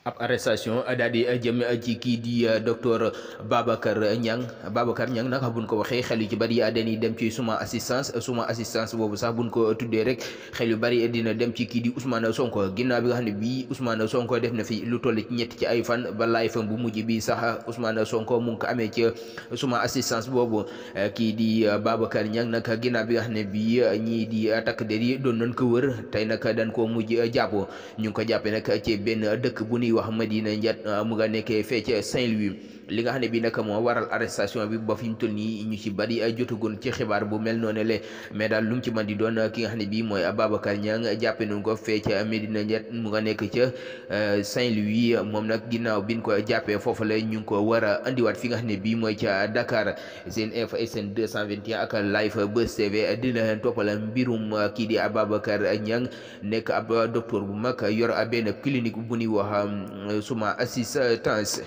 ab arrestation eh, daal di eh, jëm eh, ci kii di docteur Babacar Niang Babacar Niang nag buñ ko waxee xel yu ci bari dañuy dem ci suma assistance suma assistance boobu sax buñ ko tuddee rek xel yu bari dina dem ci kii di Ousmane Sonko ginnaaw bi nga xam ne bii Ousmane Sonko def na fi lu toll ci ñett ci ay fan ba laay fan bu mujj bi sax Ousmane Sonko mu ngi ko amee ci suma assistance boobu kii di Babacar Niang nag ginnaaw bi nga ne bii ñii di takk der yi doon nañ ko wër tey nag dañ koo mujj jàpp ñu ngi ko jàppee nag ci benn dëkk bu ni Aliou Ahmadine Ndiat ah, mu nga nekkee fee ca li nga xam ne bi nag moo waral arrestation bi ba fi mu toll nii ñu ci bari jotagoon ci xibaar bu mel noonu mais daal lu mu ci man di doon ki nga xam ne bii mooy Ababacar Niang jàppe nañ ko fee ca Medina ñett mu nga nekk ca euh, Saint-Louis moom nag ginnaaw biñ ko jàppee foofu la ñu ngi ko war a andiwaat fi nga xam ne bii mooy ca Dakar Zenf SN 221 ak Live Buzz TV dina leen toppal mbirum kii di Ababacar Niang nekk ab docteur bu mag yor benn clinique bu ñuy wax euh, suma assistance